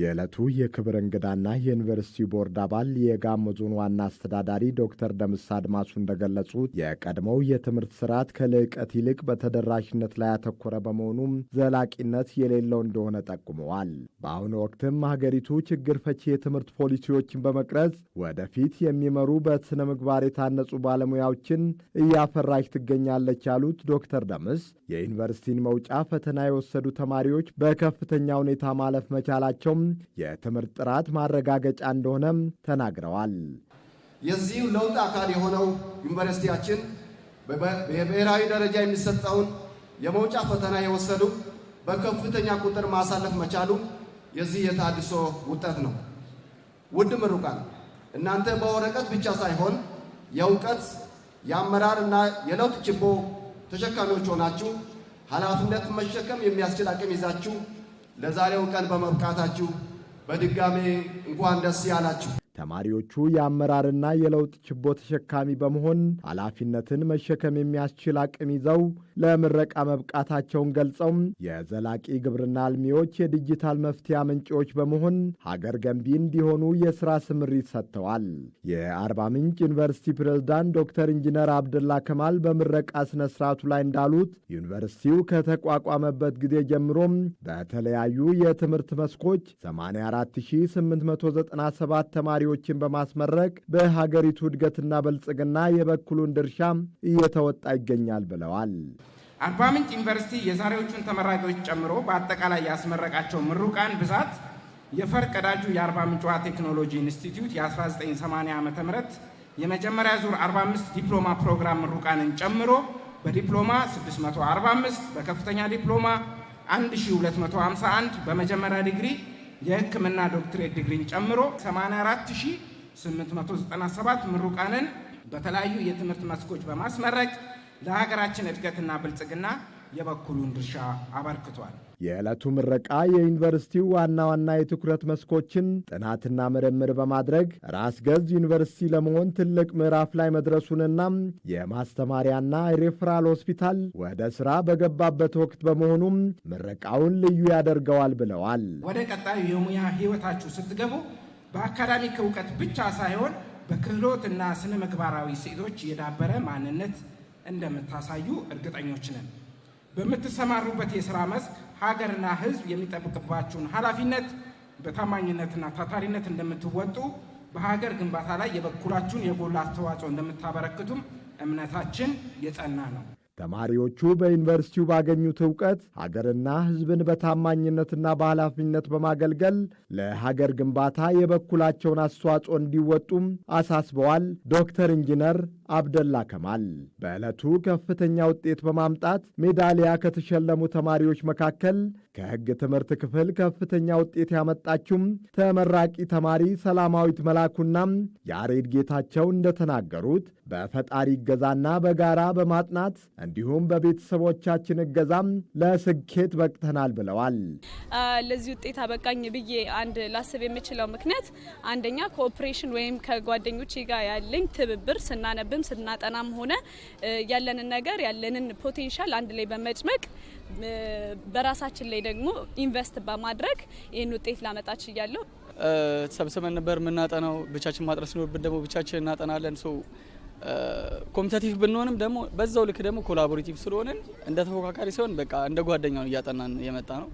የዕለቱ የክብር እንግዳና የዩኒቨርሲቲ ቦርድ አባል የጋሞ ዞን ዋና አስተዳዳሪ ዶክተር ደምስ አድማሱ እንደገለጹት የቀድሞው የትምህርት ስርዓት ከልዕቀት ይልቅ በተደራሽነት ላይ ያተኮረ በመሆኑም ዘላቂነት የሌለው እንደሆነ ጠቁመዋል። በአሁኑ ወቅትም ሀገሪቱ ችግር ፈቺ የትምህርት ፖሊሲዎችን በመቅረጽ ወደፊት የሚመሩ በስነ ምግባር የታነጹ ባለሙያዎችን እያፈራች ትገኛለች ያሉት ዶክተር ደምስ የዩኒቨርሲቲን መውጫ ፈተና የወሰዱ ተማሪዎች በከፍተኛ ሁኔታ ማለፍ መቻላቸው የትምህርት ጥራት ማረጋገጫ እንደሆነም ተናግረዋል። የዚሁ ለውጥ አካል የሆነው ዩኒቨርሲቲያችን በብሔራዊ ደረጃ የሚሰጠውን የመውጫ ፈተና የወሰዱ በከፍተኛ ቁጥር ማሳለፍ መቻሉ የዚህ የታድሶ ውጤት ነው። ውድ ምሩቃን እናንተ በወረቀት ብቻ ሳይሆን የእውቀት የአመራር እና የለውጥ ችቦ ተሸካሚዎች ሆናችሁ ኃላፊነት መሸከም የሚያስችል አቅም ይዛችሁ ለዛሬው ቀን በመብቃታችሁ በድጋሜ እንኳን ደስ ያላችሁ። ተማሪዎቹ የአመራርና የለውጥ ችቦ ተሸካሚ በመሆን ኃላፊነትን መሸከም የሚያስችል አቅም ይዘው ለምረቃ መብቃታቸውን ገልጸው የዘላቂ ግብርና አልሚዎች የዲጂታል መፍትሄ አመንጪዎች በመሆን ሀገር ገንቢ እንዲሆኑ የሥራ ስምሪት ሰጥተዋል። የአርባ ምንጭ ዩኒቨርሲቲ ፕሬዝዳንት ዶክተር ኢንጂነር አብደላ ከማል በምረቃ ሥነ ሥርዓቱ ላይ እንዳሉት ዩኒቨርሲቲው ከተቋቋመበት ጊዜ ጀምሮም በተለያዩ የትምህርት መስኮች 84897 ተማሪዎች ተማሪዎችን በማስመረቅ በሀገሪቱ እድገትና በልጽግና የበኩሉን ድርሻም እየተወጣ ይገኛል ብለዋል። አርባ ምንጭ ዩኒቨርሲቲ የዛሬዎቹን ተመራቂዎች ጨምሮ በአጠቃላይ ያስመረቃቸው ምሩቃን ብዛት የፈር ቀዳጁ የአርባ ምንጭ ቴክኖሎጂ ኢንስቲትዩት የ1980 ዓ ም የመጀመሪያ ዙር 45 ዲፕሎማ ፕሮግራም ምሩቃንን ጨምሮ በዲፕሎማ 645 በከፍተኛ ዲፕሎማ 1251 በመጀመሪያ ዲግሪ የሕክምና ዶክትሬት ዲግሪን ጨምሮ 84897 ምሩቃንን በተለያዩ የትምህርት መስኮች በማስመረቅ ለሀገራችን እድገትና ብልጽግና የበኩሉን ድርሻ አበርክቷል። የዕለቱ ምረቃ የዩኒቨርሲቲው ዋና ዋና የትኩረት መስኮችን ጥናትና ምርምር በማድረግ ራስ ገዝ ዩኒቨርሲቲ ለመሆን ትልቅ ምዕራፍ ላይ መድረሱንና የማስተማሪያና ሬፈራል ሆስፒታል ወደ ሥራ በገባበት ወቅት በመሆኑም ምረቃውን ልዩ ያደርገዋል ብለዋል። ወደ ቀጣዩ የሙያ ሕይወታችሁ ስትገቡ በአካዳሚክ እውቀት ብቻ ሳይሆን በክህሎትና ስነ ምግባራዊ ሴቶች የዳበረ ማንነት እንደምታሳዩ እርግጠኞች ነን። በምትሰማሩበት የሥራ መስክ ሀገርና ሕዝብ የሚጠብቅባችሁን ኃላፊነት በታማኝነትና ታታሪነት እንደምትወጡ በሀገር ግንባታ ላይ የበኩላችሁን የጎላ አስተዋጽኦ እንደምታበረክቱም እምነታችን የጸና ነው። ተማሪዎቹ በዩኒቨርሲቲው ባገኙት ዕውቀት ሀገርና ሕዝብን በታማኝነትና በኃላፊነት በማገልገል ለሀገር ግንባታ የበኩላቸውን አስተዋጽኦ እንዲወጡም አሳስበዋል። ዶክተር ኢንጂነር አብደላ ከማል በዕለቱ ከፍተኛ ውጤት በማምጣት ሜዳሊያ ከተሸለሙ ተማሪዎች መካከል ከሕግ ትምህርት ክፍል ከፍተኛ ውጤት ያመጣችውም ተመራቂ ተማሪ ሰላማዊት መላኩና ያሬድ ጌታቸው እንደተናገሩት በፈጣሪ እገዛና በጋራ በማጥናት እንዲሁም በቤተሰቦቻችን እገዛም ለስኬት በቅተናል ብለዋል። ለዚህ ውጤት አበቃኝ ብዬ አንድ ላስብ የምችለው ምክንያት አንደኛ ኮኦፕሬሽን ወይም ከጓደኞቼ ጋር ያለኝ ትብብር ስናነብም ስናጠናም ሆነ ያለንን ነገር ያለንን ፖቴንሻል አንድ ላይ በመጭመቅ በራሳችን ላይ ደግሞ ኢንቨስት በማድረግ ይህን ውጤት ላመጣ ችያለሁ። ተሰብስበን ነበር የምናጠናው። ብቻችን ማጥረስ ሲኖርብን ደግሞ ብቻችን እናጠናለን። ኮምፒቲቲቭ ብንሆንም ደግሞ በዛው ልክ ደግሞ ኮላቦሬቲቭ ስለሆንን እንደ ተፎካካሪ ሲሆን በቃ እንደ ጓደኛ ነው እያጠናን የመጣ ነው።